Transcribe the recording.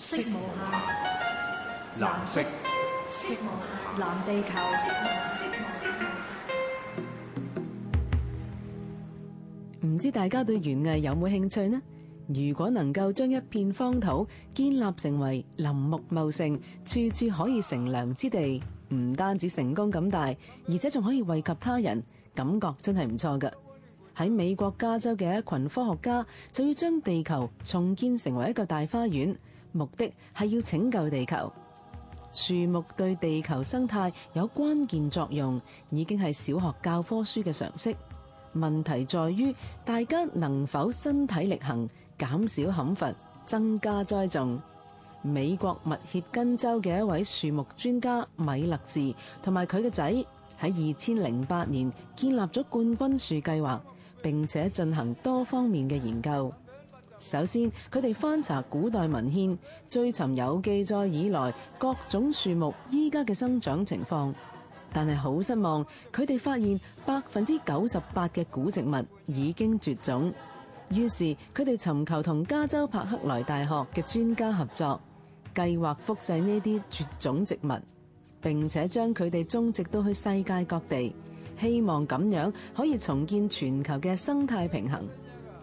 色無暇，藍色。藍色無暇，下藍地球。唔知大家對園藝有冇興趣呢？如果能夠將一片荒土建立成為林木茂盛、處處可以乘涼之地，唔單止成功咁大，而且仲可以惠及他人，感覺真係唔錯㗎。喺美國加州嘅一群科學家就要將地球重建成為一個大花園。目的係要拯救地球。樹木對地球生態有關鍵作用，已經係小學教科書嘅常識。問題在於大家能否身體力行，減少砍伐，增加栽種。美國密歇根州嘅一位樹木專家米勒治同埋佢嘅仔喺二千零八年建立咗冠軍樹計劃，並且進行多方面嘅研究。首先，佢哋翻查古代文獻，追尋有記載以來各種樹木依家嘅生長情況，但係好失望，佢哋發現百分之九十八嘅古植物已經絕種，於是佢哋尋求同加州柏克萊大學嘅專家合作，計劃複製呢啲絕種植物，並且將佢哋種植到去世界各地，希望咁樣可以重建全球嘅生態平衡。